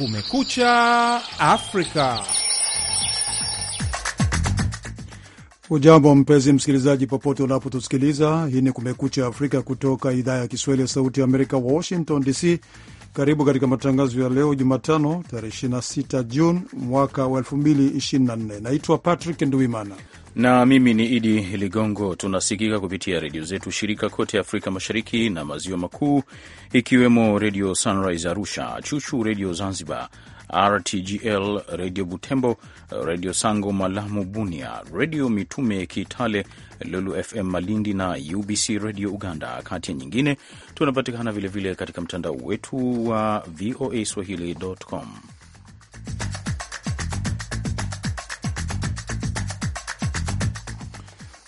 Kumekucha Afrika. Ujambo mpenzi msikilizaji, popote unapotusikiliza. Hii ni Kumekucha Afrika kutoka idhaa ya Kiswahili ya Sauti ya Amerika, Washington DC. Karibu katika matangazo ya leo Jumatano, tarehe 26 Juni mwaka wa 2024. Naitwa Patrick Nduimana na mimi ni Idi Ligongo. Tunasikika kupitia redio zetu shirika kote Afrika Mashariki na Maziwa Makuu, ikiwemo Redio Sunrise Arusha, Chuchu Redio Zanzibar, RTGL Redio Butembo, Redio Sango Malamu Bunia, Redio Mitume Kitale, Lulu FM Malindi na UBC Redio Uganda, kati ya nyingine. Tunapatikana vilevile katika mtandao wetu wa VOA swahili.com.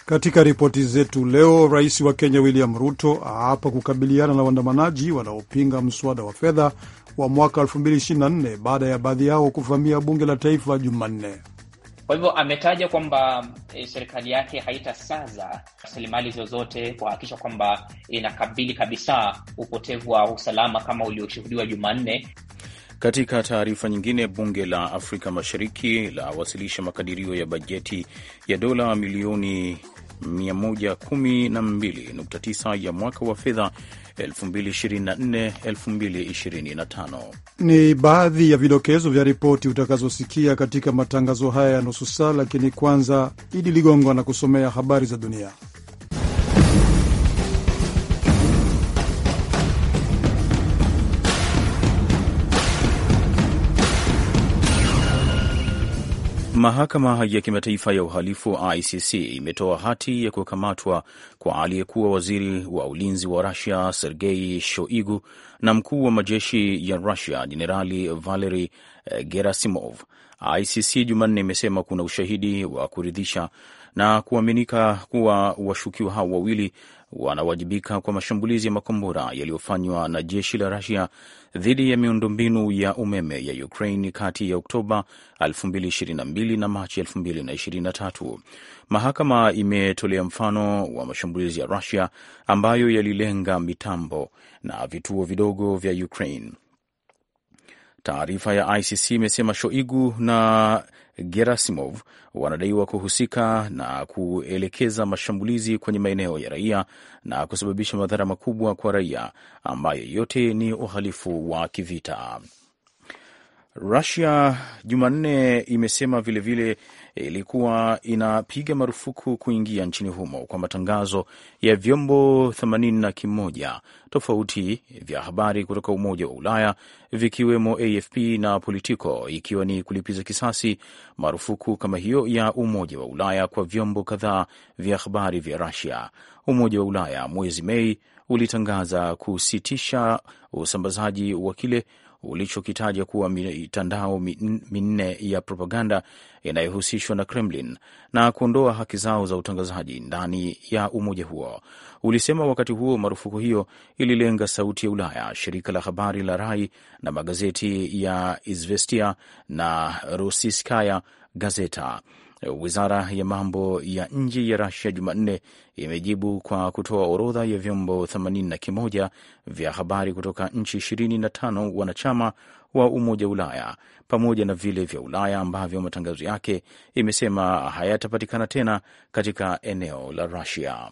Katika ripoti zetu leo, rais wa Kenya William Ruto aapa kukabiliana na waandamanaji wanaopinga mswada wa fedha wa mwaka 2024 baada ya baadhi yao kuvamia bunge la taifa Jumanne. Kwa hivyo ametaja kwamba e, serikali yake haitasaza rasilimali zozote kuhakikisha kwamba inakabili kabisa upotevu wa usalama kama ulioshuhudiwa Jumanne. Katika taarifa nyingine, bunge la Afrika Mashariki lawasilisha makadirio ya bajeti ya dola milioni 112.9 ya mwaka wa fedha 2024-2025. Ni baadhi ya vidokezo vya ripoti utakazosikia katika matangazo haya ya nusu saa, lakini kwanza Idi Ligongo anakusomea habari za dunia. Mahakama ya Kimataifa ya Uhalifu ICC imetoa hati ya kukamatwa kwa aliyekuwa waziri wa ulinzi wa Rusia Sergei Shoigu na mkuu wa majeshi ya Rusia Jenerali Valery eh, Gerasimov. ICC Jumanne imesema kuna ushahidi wa kuridhisha na kuaminika kuwa washukiwa hao wawili wanawajibika kwa mashambulizi ya makombora yaliyofanywa na jeshi la Rusia dhidi ya miundombinu ya umeme ya Ukraine kati ya Oktoba 2022 na Machi 2023. Mahakama imetolea mfano wa mashambulizi ya Rusia ambayo yalilenga mitambo na vituo vidogo vya Ukraine. Taarifa ya ICC imesema Shoigu na Gerasimov wanadaiwa kuhusika na kuelekeza mashambulizi kwenye maeneo ya raia na kusababisha madhara makubwa kwa raia ambayo yote ni uhalifu wa kivita. Rusia Jumanne imesema vilevile ilikuwa inapiga marufuku kuingia nchini humo kwa matangazo ya vyombo themanini na kimoja tofauti vya habari kutoka Umoja wa Ulaya vikiwemo AFP na Politico, ikiwa ni kulipiza kisasi marufuku kama hiyo ya Umoja wa Ulaya kwa vyombo kadhaa vya habari vya Rusia. Umoja wa Ulaya mwezi Mei ulitangaza kusitisha usambazaji wa kile ulichokitaja kuwa mitandao minne ya propaganda inayohusishwa na Kremlin na kuondoa haki zao za utangazaji ndani ya umoja huo. Ulisema wakati huo marufuku hiyo ililenga Sauti ya Ulaya, shirika la habari la Rai na magazeti ya Izvestia na Rusiskaya Gazeta. Wizara ya mambo ya nje ya Rasia Jumanne imejibu kwa kutoa orodha ya vyombo 81 vya habari kutoka nchi 25 wanachama wa Umoja wa Ulaya pamoja na vile vya Ulaya ambavyo matangazo yake imesema hayatapatikana tena katika eneo la Rasia.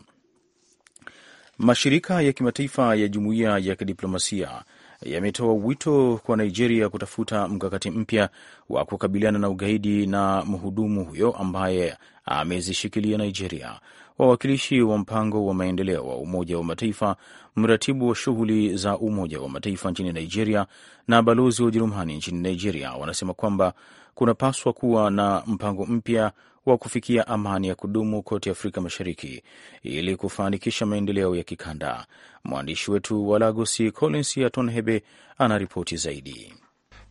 Mashirika ya kimataifa ya jumuiya ya kidiplomasia yametoa wito kwa Nigeria kutafuta mkakati mpya wa kukabiliana na ugaidi na mhudumu huyo ambaye amezishikilia Nigeria. Wawakilishi wa mpango wa maendeleo wa Umoja wa Mataifa, mratibu wa shughuli za Umoja wa Mataifa nchini Nigeria na balozi wa Ujerumani nchini Nigeria wanasema kwamba kunapaswa kuwa na mpango mpya wa kufikia amani ya kudumu kote Afrika Mashariki ili kufanikisha maendeleo ya kikanda. Mwandishi wetu wa Lagosi, Collins Atonhebe anaripoti zaidi.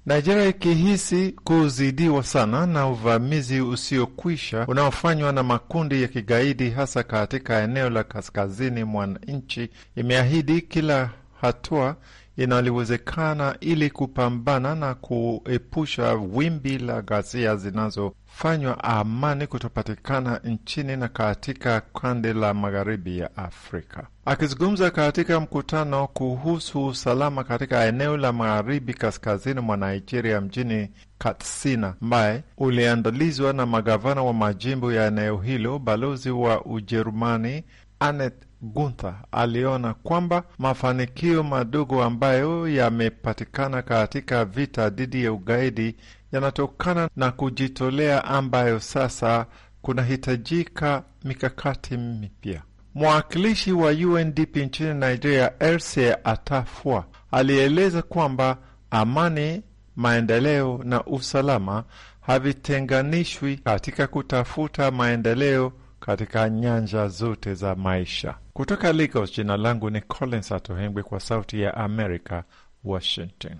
Nigeria ikihisi kuzidiwa sana na uvamizi usiokwisha unaofanywa na makundi ya kigaidi hasa katika eneo la kaskazini mwa nchi, imeahidi kila hatua inaliwezekana ili kupambana na kuepusha wimbi la ghasia zinazofanywa amani kutopatikana nchini na katika kande la magharibi ya Afrika. Akizungumza katika mkutano kuhusu usalama katika eneo la magharibi kaskazini mwa Nigeria mjini Katsina, ambaye uliandalizwa na magavana wa majimbo ya eneo hilo, balozi wa Ujerumani Anet Gunther aliona kwamba mafanikio madogo ambayo yamepatikana katika vita dhidi ya ugaidi yanatokana na kujitolea ambayo sasa kunahitajika mikakati mipya. Mwakilishi wa UNDP nchini Nigeria, Else Atafua, alieleza kwamba amani, maendeleo na usalama havitenganishwi katika kutafuta maendeleo katika nyanja zote za maisha. Kutoka Lagos, jina langu ni Collins Atohengwe kwa Sauti ya America, Washington.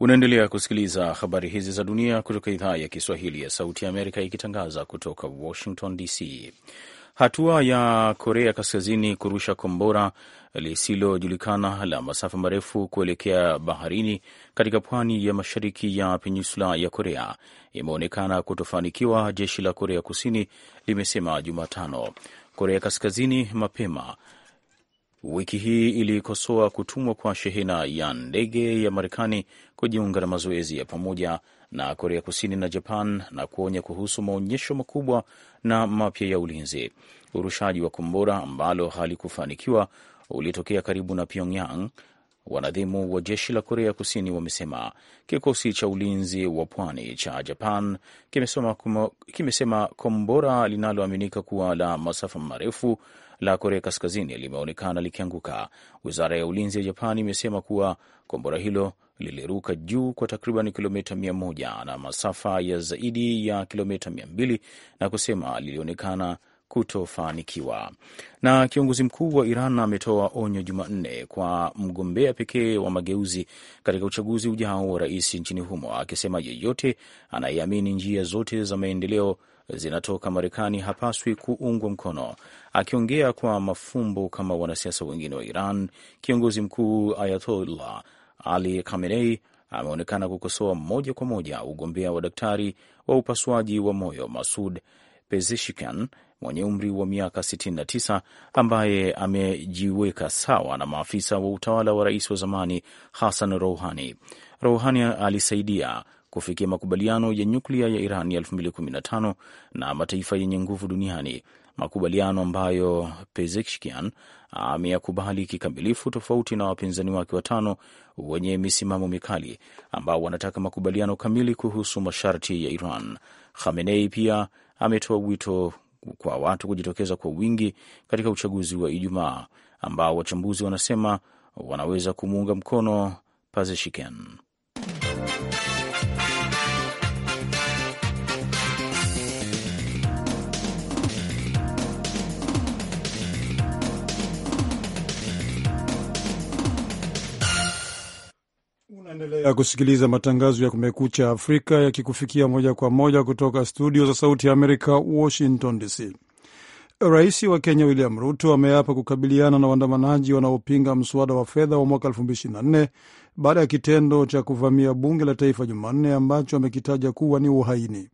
Unaendelea kusikiliza habari hizi za dunia kutoka idhaa ya Kiswahili ya Sauti ya Amerika ikitangaza kutoka Washington DC. Hatua ya Korea Kaskazini kurusha kombora lisilojulikana la masafa marefu kuelekea baharini katika pwani ya mashariki ya peninsula ya Korea imeonekana kutofanikiwa, jeshi la Korea Kusini limesema Jumatano. Korea Kaskazini mapema wiki hii ilikosoa kutumwa kwa shehena ya ndege ya Marekani kujiunga na mazoezi ya pamoja na Korea Kusini na Japan na kuonya kuhusu maonyesho makubwa na mapya ya ulinzi. Urushaji wa kombora ambalo halikufanikiwa ulitokea karibu na Pyongyang, wanadhimu wa jeshi la Korea Kusini wamesema. Kikosi cha ulinzi wa pwani cha Japan kimesema, kumo, kimesema kombora linaloaminika kuwa la masafa marefu la Korea Kaskazini limeonekana likianguka. Wizara ya ulinzi ya Japan imesema kuwa kombora hilo liliruka juu kwa takriban kilomita mia moja na masafa ya zaidi ya kilomita mia mbili na kusema lilionekana kutofanikiwa. Na kiongozi mkuu wa Iran ametoa onyo Jumanne kwa mgombea pekee wa mageuzi katika uchaguzi ujao wa rais nchini humo, akisema yeyote anayeamini njia zote za maendeleo zinatoka Marekani hapaswi kuungwa mkono. Akiongea kwa mafumbo kama wanasiasa wengine wa Iran, kiongozi mkuu Ayatollah Ali Khamenei ameonekana kukosoa moja kwa moja ugombea wa daktari wa upasuaji wa moyo Masud Pezeshkian mwenye umri wa miaka 69 ambaye amejiweka sawa na maafisa wa utawala wa rais wa zamani Hassan Rouhani. Rouhani alisaidia kufikia makubaliano ya nyuklia ya Iran ya 2015 na mataifa yenye nguvu duniani, makubaliano ambayo Pezeshkian ameyakubali kikamilifu, tofauti na wapinzani wake watano wenye misimamo mikali ambao wanataka makubaliano kamili kuhusu masharti ya Iran. Khamenei pia ametoa wito kwa watu kujitokeza kwa wingi katika uchaguzi wa Ijumaa ambao wachambuzi wanasema wanaweza kumuunga mkono Pezeshkian. endelea kusikiliza matangazo ya Kumekucha Afrika yakikufikia moja kwa moja kutoka studio za Sauti ya Amerika, Washington DC. Rais wa Kenya William Ruto ameapa kukabiliana na waandamanaji wanaopinga mswada wa fedha wa mwaka 2024 baada ya kitendo cha kuvamia bunge la taifa Jumanne ambacho amekitaja kuwa ni uhaini.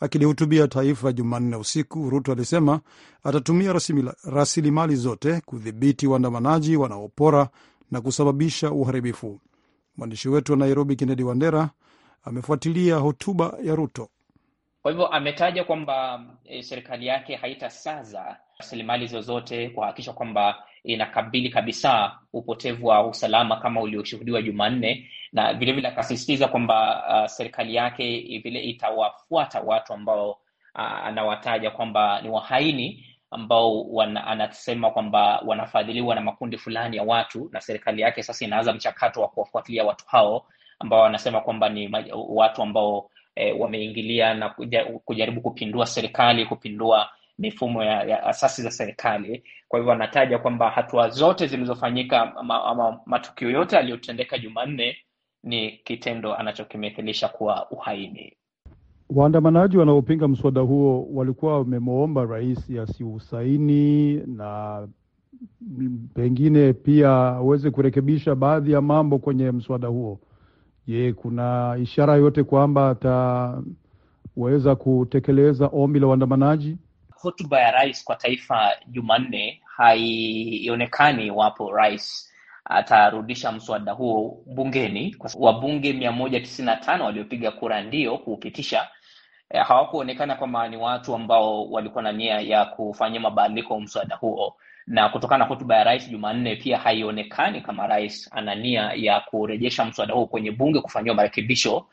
Akilihutubia taifa Jumanne usiku, Ruto alisema atatumia rasilimali zote kudhibiti waandamanaji wanaopora na kusababisha uharibifu. Mwandishi wetu wa Nairobi, Kennedy Wandera, amefuatilia hotuba ya Ruto. Kwa hivyo ametaja kwamba e, serikali yake haitasaza rasilimali zozote kuhakikisha kwamba inakabili kabisa upotevu wa usalama kama ulioshuhudiwa Jumanne, na vilevile akasisitiza kwamba uh, serikali yake vile itawafuata watu ambao uh, anawataja kwamba ni wahaini ambao wana, anasema kwamba wanafadhiliwa na makundi fulani ya watu na serikali yake sasa inaanza mchakato wa kuwafuatilia watu hao ambao wanasema kwamba ni watu ambao e, wameingilia na kujaribu kupindua serikali, kupindua mifumo ya, ya asasi za serikali. Kwa hivyo anataja kwamba hatua zote zilizofanyika ama, ama matukio yote aliyotendeka Jumanne ni kitendo anachokimethilisha kuwa uhaini. Waandamanaji wanaopinga mswada huo walikuwa wamemwomba rais asiusaini na pengine pia aweze kurekebisha baadhi ya mambo kwenye mswada huo. Je, kuna ishara yote kwamba ataweza kutekeleza ombi la waandamanaji? Hotuba ya rais kwa taifa Jumanne haionekani iwapo rais atarudisha mswada huo bungeni. Wabunge mia moja tisini na tano waliopiga kura ndio kuupitisha eh, hawakuonekana kwamba ni watu ambao walikuwa na nia ya kufanyia mabadiliko mswada huo, na kutokana na hotuba ya rais Jumanne, pia haionekani kama rais ana nia ya kurejesha mswada huo kwenye bunge kufanyiwa marekebisho.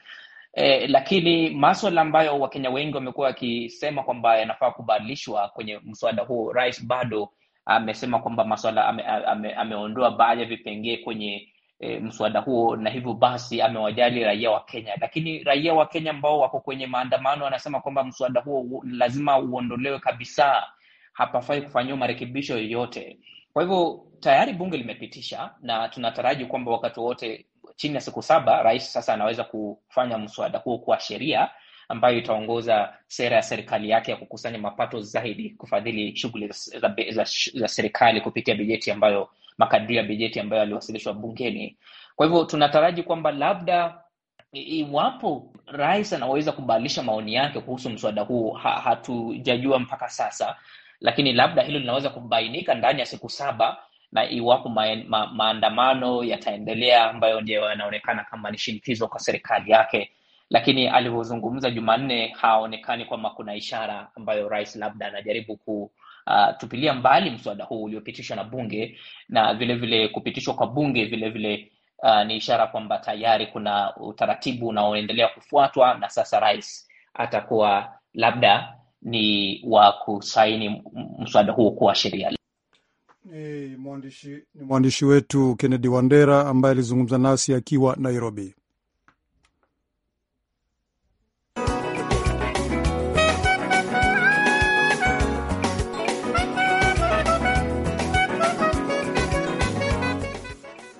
Eh, lakini maswala ambayo Wakenya wengi wamekuwa wakisema kwamba yanafaa kubadilishwa kwenye mswada huo, rais bado amesema kwamba maswala ame, ame, ameondoa baadhi ya vipengee kwenye e, mswada huo, na hivyo basi amewajali raia wa Kenya. Lakini raia wa Kenya ambao wako kwenye maandamano wanasema kwamba mswada huo lazima uondolewe kabisa, hapafai kufanyiwa marekebisho yoyote. Kwa hivyo tayari bunge limepitisha, na tunataraji kwamba wakati wowote chini ya siku saba rais sasa anaweza kufanya mswada huo kuwa sheria ambayo itaongoza sera ya serikali yake ya kukusanya mapato zaidi kufadhili shughuli za, za, za, za serikali kupitia bajeti ambayo makadirio ya bajeti ambayo aliwasilishwa bungeni. Kwa hivyo tunataraji kwamba labda iwapo rais anaweza kubadilisha maoni yake kuhusu mswada huu ha, hatujajua mpaka sasa, lakini labda hilo linaweza kubainika ndani ya siku saba na iwapo ma, ma, maandamano yataendelea ambayo ndio yanaonekana kama ni shinikizo kwa serikali yake, lakini alivyozungumza Jumanne haonekani kwamba kuna ishara ambayo rais labda anajaribu ku uh, tupilia mbali mswada huu uliopitishwa na bunge na vile vile kupitishwa kwa bunge vile vile uh, ni ishara kwamba tayari kuna utaratibu unaoendelea kufuatwa na sasa rais atakuwa labda ni wa kusaini mswada huo kuwa sheria ni mwandishi, ni mwandishi wetu Kennedy Wandera ambaye alizungumza nasi akiwa Nairobi.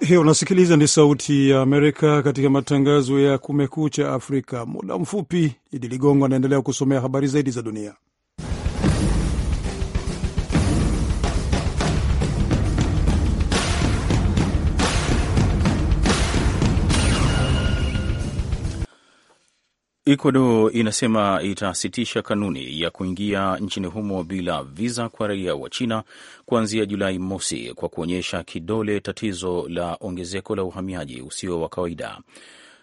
Hiyo unasikiliza ni Sauti ya Amerika katika matangazo ya Kumekucha Afrika. Muda mfupi, Idi Ligongo anaendelea kusomea habari zaidi za dunia. Ecuador inasema itasitisha kanuni ya kuingia nchini humo bila viza kwa raia wa China kuanzia Julai mosi kwa kuonyesha kidole tatizo la ongezeko la uhamiaji usio wa kawaida.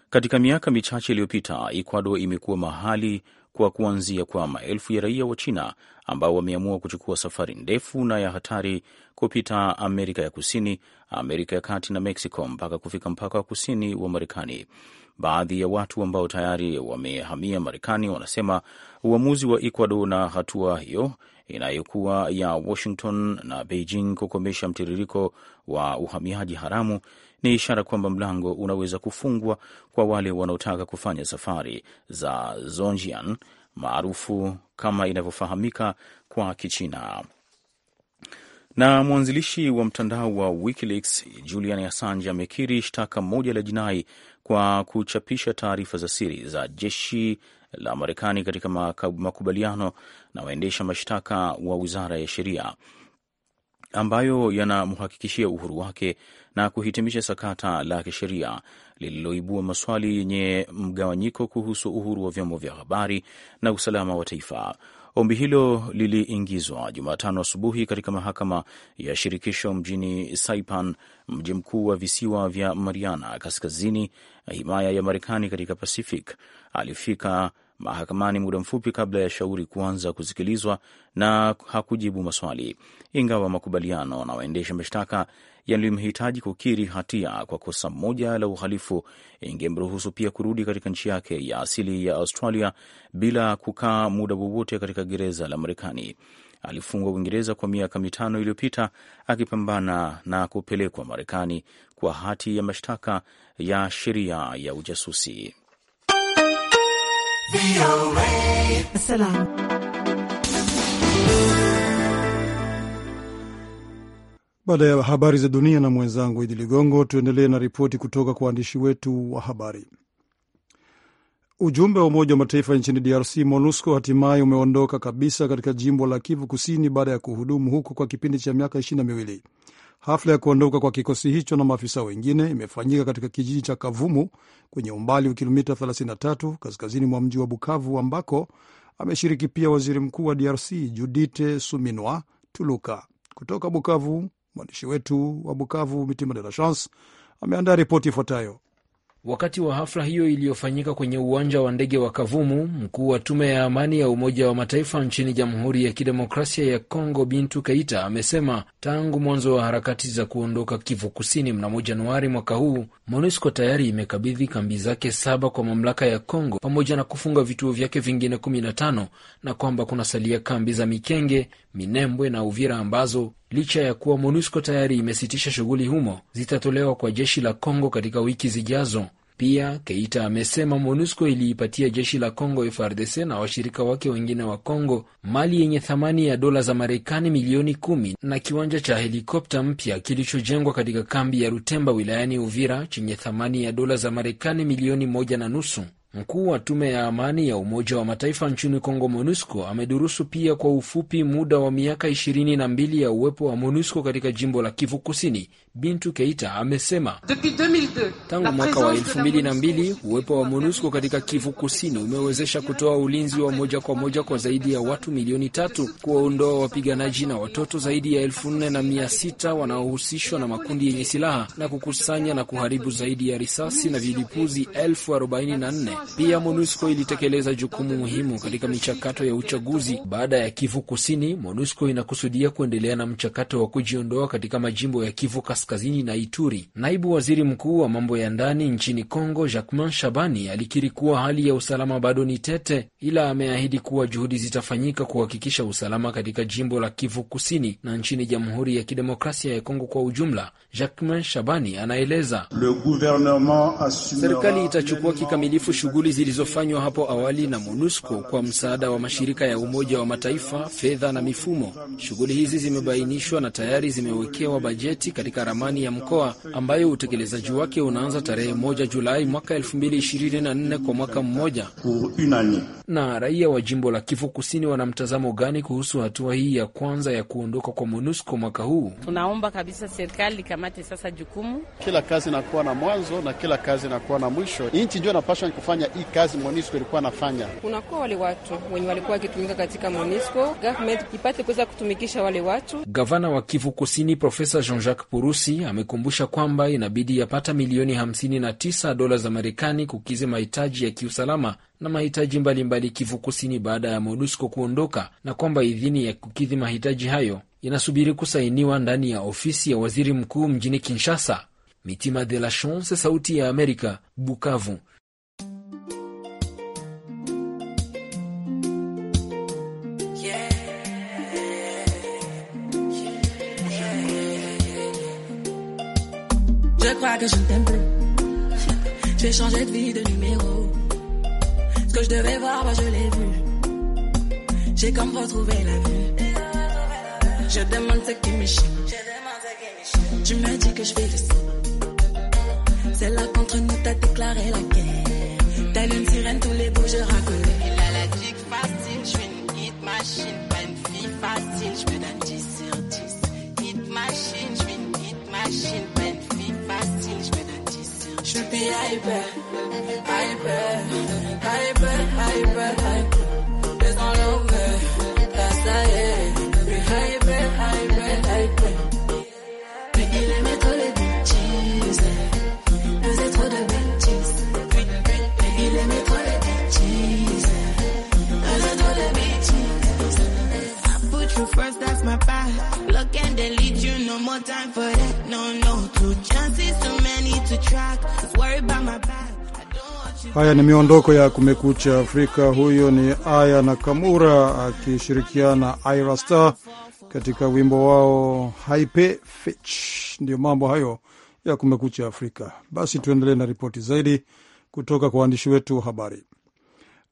Katika miaka michache iliyopita, Ecuador imekuwa mahali kwa kuanzia kwa maelfu ya raia wa China ambao wameamua kuchukua safari ndefu na ya hatari kupita Amerika ya Kusini, Amerika ya Kati na Mexico mpaka kufika mpaka wa kusini wa Marekani. Baadhi ya watu ambao tayari wamehamia Marekani wanasema uamuzi wa Ecuador na hatua hiyo inayokuwa ya Washington na Beijing kukomesha mtiririko wa uhamiaji haramu ni ishara kwamba mlango unaweza kufungwa kwa wale wanaotaka kufanya safari za Zonjian maarufu kama inavyofahamika kwa Kichina. Na mwanzilishi wa mtandao wa WikiLeaks Julian Assange amekiri shtaka moja la jinai kwa kuchapisha taarifa za siri za jeshi la Marekani katika makubaliano na waendesha mashtaka wa Wizara ya Sheria ambayo yanamhakikishia uhuru wake na kuhitimisha sakata la kisheria lililoibua maswali yenye mgawanyiko kuhusu uhuru wa vyombo vya habari na usalama wa taifa. Ombi hilo liliingizwa Jumatano asubuhi katika mahakama ya shirikisho mjini Saipan, mji mkuu wa visiwa vya Mariana, kaskazini himaya ya Marekani katika Pacific. Alifika mahakamani muda mfupi kabla ya shauri kuanza kusikilizwa na hakujibu maswali, ingawa makubaliano na waendesha mashtaka yalimhitaji kukiri hatia kwa kosa moja la uhalifu, ingemruhusu pia kurudi katika nchi yake ya asili ya Australia bila kukaa muda wowote katika gereza la Marekani. Alifungwa Uingereza kwa miaka mitano iliyopita akipambana na kupelekwa Marekani kwa hati ya mashtaka ya sheria ya ujasusi. Baada ya habari za dunia na mwenzangu Idi Ligongo, tuendelee na ripoti kutoka kwa waandishi wetu wa habari. Ujumbe wa Umoja wa Mataifa nchini DRC, MONUSCO, hatimaye umeondoka kabisa katika jimbo la Kivu Kusini baada ya kuhudumu huko kwa kipindi cha miaka ishirini na miwili. Hafla ya kuondoka kwa kikosi hicho na maafisa wengine imefanyika katika kijiji cha Kavumu kwenye umbali wa kilomita 33 kaskazini mwa mji wa Bukavu, ambako ameshiriki pia waziri mkuu wa DRC Judite Suminwa Tuluka. Kutoka Bukavu, mwandishi wetu wa Bukavu Mitima De La Chance ameandaa ripoti ifuatayo. Wakati wa hafla hiyo iliyofanyika kwenye uwanja wa ndege wa Kavumu, mkuu wa tume ya amani ya Umoja wa Mataifa nchini Jamhuri ya Kidemokrasia ya Kongo, Bintu Keita, amesema tangu mwanzo wa harakati za kuondoka Kivu Kusini mnamo Januari mwaka huu, MONUSCO tayari imekabidhi kambi zake saba kwa mamlaka ya Kongo pamoja na kufunga vituo vyake vingine 15 na kwamba kunasalia kambi za Mikenge, Minembwe na Uvira ambazo licha ya kuwa MONUSCO tayari imesitisha shughuli humo, zitatolewa kwa jeshi la congo katika wiki zijazo. Pia Keita amesema MONUSCO iliipatia jeshi la congo frdc na washirika wake wengine wa congo mali yenye thamani ya dola za Marekani milioni kumi na kiwanja cha helikopta mpya kilichojengwa katika kambi ya Rutemba wilayani Uvira chenye thamani ya dola za Marekani milioni moja na nusu. Mkuu wa tume ya amani ya Umoja wa Mataifa nchini Kongo, MONUSCO, amedurusu pia kwa ufupi muda wa miaka ishirini na mbili ya uwepo wa MONUSCO katika jimbo la Kivu Kusini. Bintu Keita amesema tangu mwaka wa elfu mbili na mbili uwepo wa MONUSCO katika Kivu Kusini umewezesha kutoa ulinzi wa moja kwa moja kwa zaidi ya watu milioni tatu, kuwaondoa wapiganaji na watoto zaidi ya elfu nne na mia sita wanaohusishwa na makundi yenye silaha na kukusanya na kuharibu zaidi ya risasi na vilipuzi elfu arobaini na nne pia MONUSCO ilitekeleza jukumu muhimu katika michakato ya uchaguzi. Baada ya Kivu Kusini, MONUSCO inakusudia kuendelea na mchakato wa kujiondoa katika majimbo ya Kivu Kaskazini na Ituri. Naibu waziri mkuu wa mambo ya ndani nchini congo Jacquemain Shabani, alikiri kuwa hali ya usalama bado ni tete, ila ameahidi kuwa juhudi zitafanyika kuhakikisha usalama katika jimbo la Kivu Kusini na nchini Jamhuri ya Kidemokrasia ya Kongo kwa ujumla. Jacquemain Shabani anaeleza serikali itachukua kikamilifu shughuli zilizofanywa hapo awali na MONUSCO kwa msaada wa mashirika ya Umoja wa Mataifa, fedha na mifumo. Shughuli hizi zimebainishwa na tayari zimewekewa bajeti katika ramani ya mkoa ambayo utekelezaji wake unaanza tarehe moja Julai mwaka 2024 kwa mwaka mmoja. Na raia wa jimbo la Kivu Kusini wana mtazamo gani kuhusu hatua hii ya kwanza ya kuondoka kwa MONUSCO mwaka huu? Tunaomba kabisa serikali ikamate sasa jukumu. Kila kazi inakuwa na mwanzo na kila kazi inakuwa na mwisho. Nchi ndio inapasha kufanya kufanya hii kazi MONUSCO ilikuwa nafanya. Kunakuwa wale watu wenye walikuwa wakitumika katika MONUSCO, government ipate kuweza kutumikisha wale watu. Gavana wa Kivu Kusini Profesa Jean-Jacques Purusi amekumbusha kwamba inabidi yapata milioni 59 dola za Marekani kukizi mahitaji ya kiusalama na mahitaji mbalimbali Kivu Kusini baada ya MONUSCO kuondoka na kwamba idhini ya kukidhi mahitaji hayo inasubiri kusainiwa ndani ya ofisi ya waziri mkuu mjini Kinshasa. Mitima de la Chance, Sauti ya Amerika, Bukavu. Je crois que je ne t'aime plus. J'ai changé de vie, de numéro. Ce que je devais voir, moi je l'ai vu. J'ai comme retrouvé la vue. Je demande ce qui me chie. Tu me dis que je vais le C'est là contre nous, t'as déclaré la guerre. T'as une sirène, tous les bouts, je Il a la dick facile, je suis une hit machine. Pas une fille facile, je peux donne 10 sur 10. Hit machine, je suis une hit machine. hyper, hyper, hyper, hyper, hyper. There's no longer that's the end. We hyper, hyper, hyper. Mais il aimait trop les bitches, faisait trop de bitches. Mais il aimait trop les bitches, faisait trop de I put you first, that's my path. Look and delete you, no more time for that. Haya ni miondoko ya Kumekucha Afrika. Huyo ni Aya kamura akishirikiana Ira Star katika wimbo wao Hype Fetch. Ndiyo mambo hayo ya Kumekucha Afrika. Basi tuendelee na ripoti zaidi kutoka kwa waandishi wetu wa habari.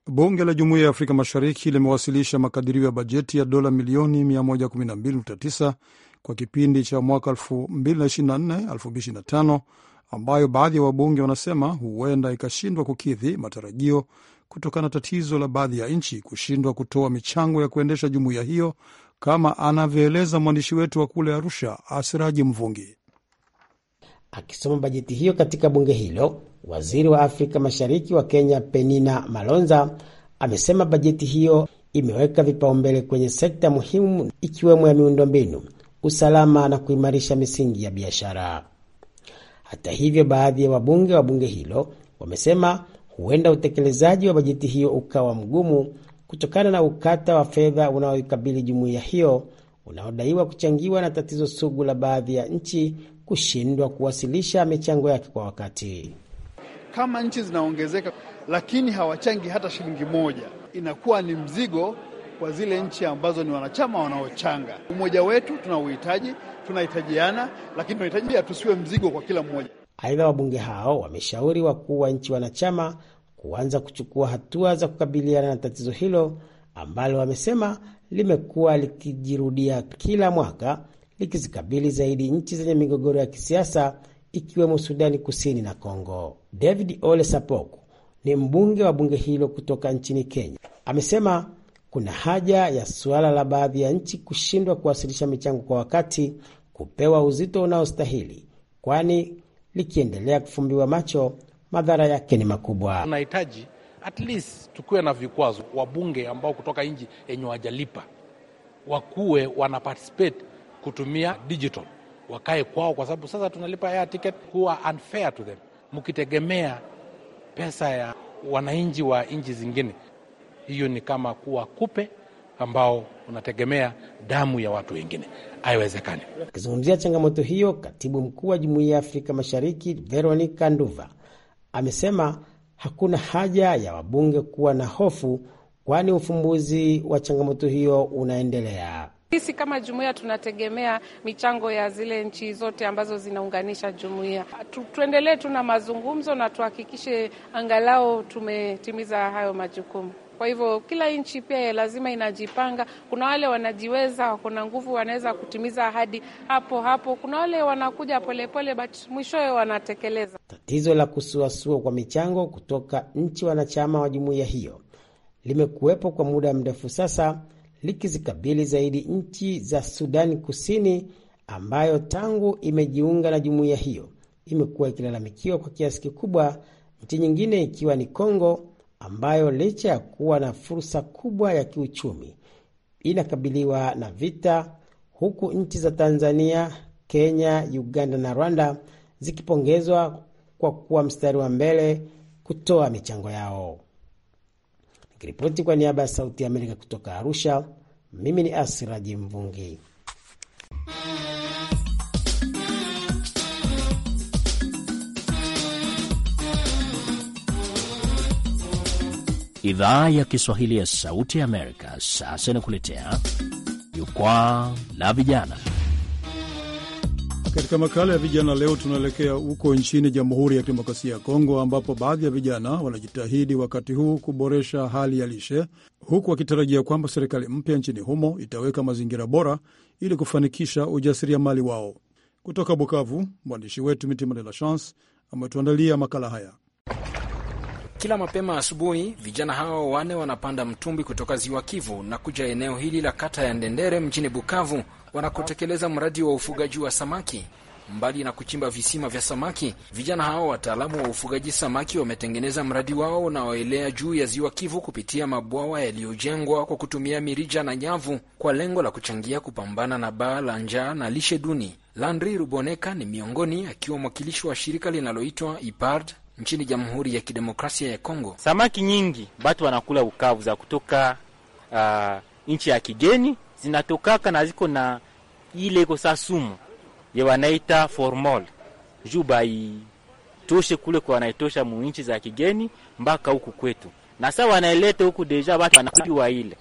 Bunge la Jumuiya ya Afrika Mashariki limewasilisha makadirio ya bajeti ya dola milioni 112.9 kwa kipindi cha mwaka 2024/2025 ambayo baadhi ya wabunge wanasema huenda ikashindwa kukidhi matarajio kutokana na tatizo la baadhi ya nchi kushindwa kutoa michango ya kuendesha jumuiya hiyo, kama anavyoeleza mwandishi wetu wa kule Arusha, Asiraji Mvungi. Akisoma bajeti hiyo katika bunge hilo, waziri wa Afrika Mashariki wa Kenya Penina Malonza amesema bajeti hiyo imeweka vipaumbele kwenye sekta muhimu ikiwemo ya miundombinu, usalama na kuimarisha misingi ya biashara. Hata hivyo, baadhi ya wabunge wa bunge hilo wamesema huenda utekelezaji wa bajeti hiyo ukawa mgumu kutokana na ukata wa fedha unaoikabili jumuiya hiyo unaodaiwa kuchangiwa na tatizo sugu la baadhi ya nchi kushindwa kuwasilisha michango yake kwa wakati. Kama nchi zinaongezeka lakini hawachangi hata shilingi moja, inakuwa ni mzigo kwa zile nchi ambazo ni wanachama wanaochanga. Umoja wetu tunauhitaji, tunahitajiana, lakini tunahitaji pia tusiwe mzigo kwa kila mmoja. Aidha, wabunge hao wameshauri wakuu wa nchi wanachama kuanza kuchukua hatua za kukabiliana na tatizo hilo ambalo wamesema limekuwa likijirudia kila mwaka likizikabili zaidi nchi zenye migogoro ya kisiasa ikiwemo Sudani Kusini na Kongo. David Ole Sapok ni mbunge wa bunge hilo kutoka nchini Kenya. Amesema kuna haja ya suala la baadhi ya nchi kushindwa kuwasilisha michango kwa wakati kupewa uzito unaostahili, kwani likiendelea kufumbiwa macho, madhara yake ni makubwa. Tunahitaji at least tukiwe na vikwazo, wabunge ambao kutoka nchi yenye wajalipa wakuwe wana participate kutumia digital, wakae kwao, kwa sababu sasa tunalipa ya ticket, kuwa unfair to them, mkitegemea pesa ya wananchi wa nchi zingine hiyo ni kama kuwa kupe ambao unategemea damu ya watu wengine, haiwezekani. Akizungumzia changamoto hiyo, katibu mkuu wa jumuiya ya Afrika Mashariki Veronica Nduva amesema hakuna haja ya wabunge kuwa na hofu, kwani ufumbuzi wa changamoto hiyo unaendelea. Sisi kama jumuiya tunategemea michango ya zile nchi zote ambazo zinaunganisha jumuiya. Tuendelee tu na mazungumzo na tuhakikishe angalau tumetimiza hayo majukumu. Kwa hivyo kila nchi pia lazima inajipanga. Kuna wale wanajiweza, kuna nguvu, wanaweza kutimiza ahadi hapo hapo. Kuna wale wanakuja polepole, but mwishowe wanatekeleza. Tatizo la kusuasua kwa michango kutoka nchi wanachama wa jumuiya hiyo limekuwepo kwa muda mrefu sasa, likizikabili zaidi nchi za Sudani Kusini ambayo tangu imejiunga na jumuiya hiyo imekuwa ikilalamikiwa kwa kiasi kikubwa, nchi nyingine ikiwa ni Kongo ambayo licha ya kuwa na fursa kubwa ya kiuchumi inakabiliwa na vita, huku nchi za Tanzania, Kenya, Uganda na Rwanda zikipongezwa kwa kuwa mstari wa mbele kutoa michango yao. Nikiripoti kwa niaba ya Sauti ya Amerika kutoka Arusha, mimi ni Asiraji Mvungi. Idhaa ya Kiswahili ya Sauti ya Amerika sasa inakuletea Jukwaa la Vijana. Katika makala ya vijana leo, tunaelekea huko nchini Jamhuri ya Kidemokrasia ya Kongo, ambapo baadhi ya vijana wanajitahidi wakati huu kuboresha hali ya lishe, huku wakitarajia kwamba serikali mpya nchini humo itaweka mazingira bora ili kufanikisha ujasiriamali wao. Kutoka Bukavu, mwandishi wetu Mitima De La Chance ametuandalia makala haya. Kila mapema asubuhi vijana hao wane wanapanda mtumbwi kutoka ziwa Kivu na kuja eneo hili la kata ya Ndendere mjini Bukavu, wanakotekeleza mradi wa ufugaji wa samaki. Mbali na kuchimba visima vya samaki, vijana hao wataalamu wa ufugaji samaki wametengeneza mradi wao unaoelea juu ya ziwa Kivu kupitia mabwawa yaliyojengwa kwa kutumia mirija na nyavu kwa lengo la kuchangia kupambana na baa la njaa na lishe duni. Landry Ruboneka ni miongoni, akiwa mwakilishi wa shirika linaloitwa IPARD nchini Jamhuri ya Kidemokrasia ya Kongo. Samaki nyingi batu wanakula ukavu za kutoka uh, nchi ya kigeni zinatokaka na ziko na ile iko saa sumu ye wanaita formol juu baitoshe kule kwa wanaitosha mu nchi za kigeni mpaka huku kwetu, na saa wanaileta huku deja batu wanakujua ile,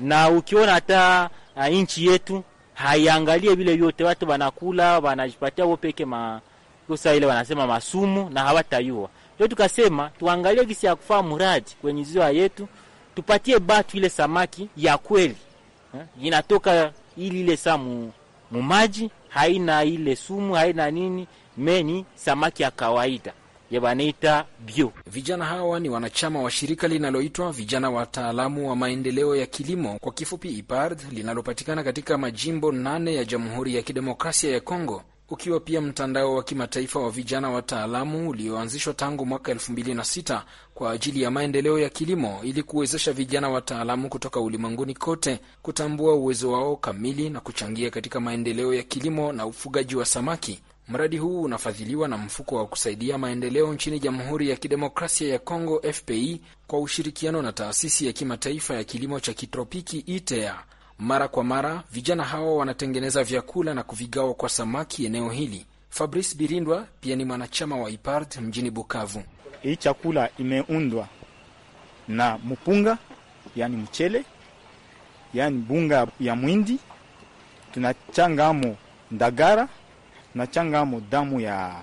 na ukiona hata uh, nchi yetu haiangalie vile vyote, watu wanakula wanajipatia wopeke ma siku ile wanasema masumu na hawatayua. Ndio tukasema tuangalie gisi ya kufaa muradi kwenye ziwa yetu, tupatie batu ile samaki ya kweli eh, inatoka ili ile saa mumaji, haina ile sumu, haina nini, meni samaki ya kawaida yabanaita bio. Vijana hawa ni wanachama wa shirika linaloitwa vijana wataalamu wa maendeleo ya kilimo kwa kifupi IPARD linalopatikana katika majimbo nane ya Jamhuri ya Kidemokrasia ya Kongo ukiwa pia mtandao wa kimataifa wa vijana wataalamu ulioanzishwa tangu mwaka 2006 kwa ajili ya maendeleo ya kilimo ili kuwezesha vijana wataalamu kutoka ulimwenguni kote kutambua uwezo wao kamili na kuchangia katika maendeleo ya kilimo na ufugaji wa samaki. Mradi huu unafadhiliwa na mfuko wa kusaidia maendeleo nchini Jamhuri ya Kidemokrasia ya Kongo, FPI, kwa ushirikiano na taasisi ya kimataifa ya kilimo cha kitropiki ITEA. Mara kwa mara vijana hawa wanatengeneza vyakula na kuvigawa kwa samaki eneo hili. Fabrice Birindwa pia ni mwanachama wa IPARD mjini Bukavu. Hii chakula imeundwa na mpunga, yani mchele, yani bunga ya mwindi, tunachangamo ndagara, tunachangamo damu ya,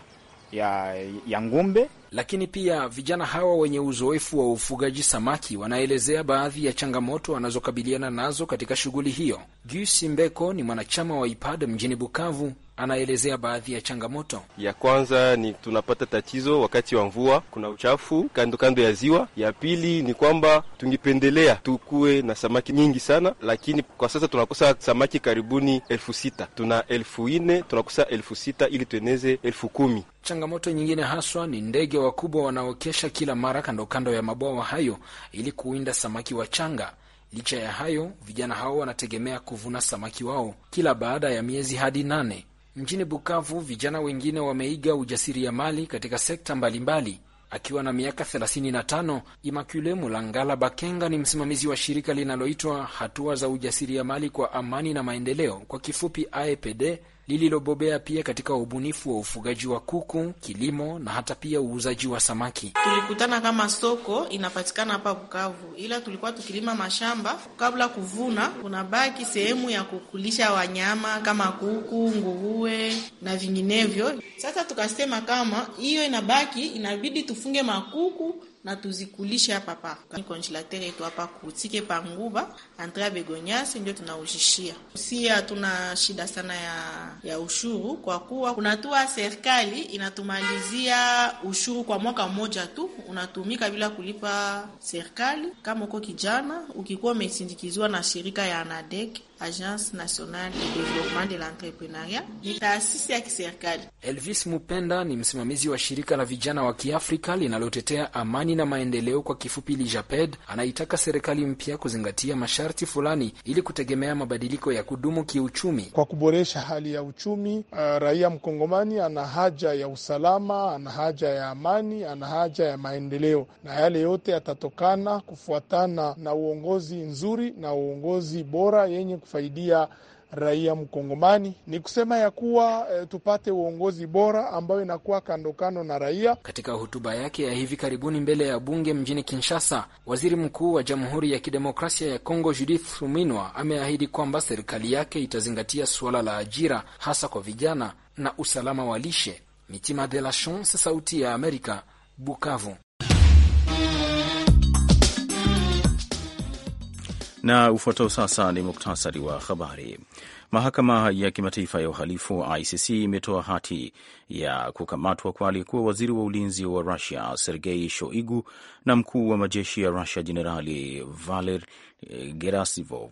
ya, ya ng'ombe lakini pia vijana hawa wenye uzoefu wa ufugaji samaki wanaelezea baadhi ya changamoto wanazokabiliana nazo katika shughuli hiyo. gusi Mbeko ni mwanachama wa IPAD mjini Bukavu anaelezea baadhi ya changamoto. Ya kwanza ni tunapata tatizo wakati wa mvua, kuna uchafu kando kando ya ziwa. Ya pili ni kwamba tungipendelea tukuwe na samaki nyingi sana, lakini kwa sasa tunakosa samaki karibuni elfu sita. Tuna elfu nne tunakosa elfu sita ili tueneze elfu kumi. Changamoto nyingine haswa ni ndege wakubwa wanaokesha kila mara kando kando ya mabwawa hayo ili kuwinda samaki wachanga. Licha ya hayo, vijana hao wanategemea kuvuna samaki wao kila baada ya miezi hadi nane Mjini Bukavu, vijana wengine wameiga ujasiriamali katika sekta mbalimbali mbali. Akiwa na miaka 35 Imakule Mulangala Bakenga ni msimamizi wa shirika linaloitwa hatua za ujasiriamali kwa amani na maendeleo, kwa kifupi AEPD lililobobea pia katika ubunifu wa ufugaji wa kuku, kilimo na hata pia uuzaji wa samaki. Tulikutana kama soko inapatikana hapa Bukavu, ila tulikuwa tukilima mashamba kabla kuvuna, kunabaki sehemu ya kukulisha wanyama kama kuku, nguruwe na vinginevyo. Sasa tukasema kama hiyo inabaki, inabidi tufunge makuku na tuzikulishe hapa paka konjelater yetu hapa kutike panguba antre ya Begonyasi, ndio tunaujishia. sia. hatuna shida sana ya, ya ushuru kwa kuwa kunatua serikali inatumalizia ushuru kwa mwaka mmoja tu, unatumika bila kulipa serikali. Kama uko kijana ukikuwa umesindikizwa na shirika ya Anadek Agence Nationale de Développement de l'Entrepreneuriat ni taasisi ya kiserikali. Elvis Mupenda ni msimamizi wa shirika la vijana wa Kiafrika linalotetea amani na maendeleo, kwa kifupi Lijaped. Anaitaka serikali mpya kuzingatia masharti fulani ili kutegemea mabadiliko ya kudumu kiuchumi. Kwa kuboresha hali ya uchumi, uh, raia mkongomani ana haja ya usalama, ana haja ya amani, ana haja ya maendeleo, na yale yote yatatokana kufuatana na uongozi nzuri na uongozi bora yenye kufaidia raia mkongomani ni kusema ya kuwa e, tupate uongozi bora ambayo inakuwa kando kando na raia. Katika hotuba yake ya hivi karibuni mbele ya bunge mjini Kinshasa, waziri mkuu wa Jamhuri ya Kidemokrasia ya Kongo Judith Suminwa ameahidi kwamba serikali yake itazingatia suala la ajira hasa kwa vijana na usalama wa lishe. Mitima de la Chance, Sauti ya Amerika, Bukavu. Na ufuatao sasa ni muktasari wa habari. Mahakama ya Kimataifa ya Uhalifu ICC imetoa hati ya kukamatwa kwa aliyekuwa waziri wa ulinzi wa Rusia Sergei Shoigu na mkuu wa majeshi ya Rusia Jenerali Valer Gerasimov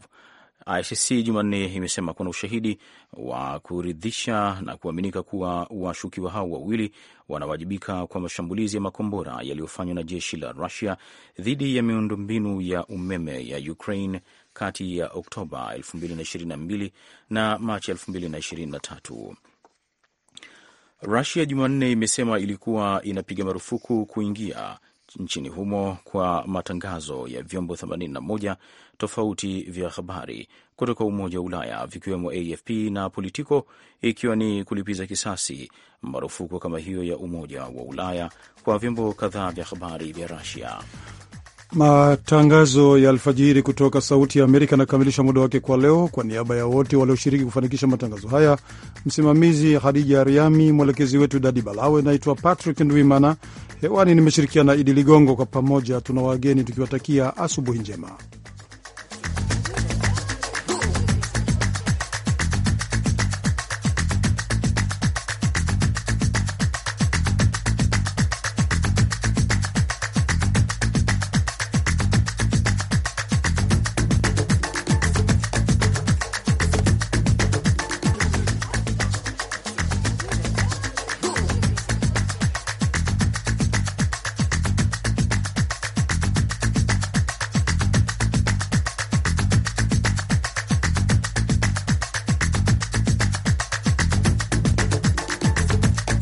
ICC Jumanne imesema kuna ushahidi wa kuridhisha na kuaminika kuwa washukiwa hao wawili wanawajibika kwa mashambulizi ya makombora yaliyofanywa na jeshi la Rusia dhidi ya miundombinu ya umeme ya Ukraine kati ya Oktoba 2022 na Machi 2023. Rusia Jumanne imesema ilikuwa inapiga marufuku kuingia nchini humo kwa matangazo ya vyombo 81 tofauti vya habari kutoka Umoja wa Ulaya vikiwemo AFP na Politico, ikiwa ni kulipiza kisasi marufuku kama hiyo ya Umoja wa Ulaya kwa vyombo kadhaa vya habari vya Rusia. Matangazo ya alfajiri kutoka Sauti ya Amerika yanakamilisha muda wake kwa leo. Kwa niaba ya wote walioshiriki kufanikisha matangazo haya, msimamizi Hadija Riami, mwelekezi wetu Dadi Balawe, naitwa Patrick Ndwimana hewani, nimeshirikiana Idi Ligongo. Kwa pamoja tuna wageni tukiwatakia asubuhi njema.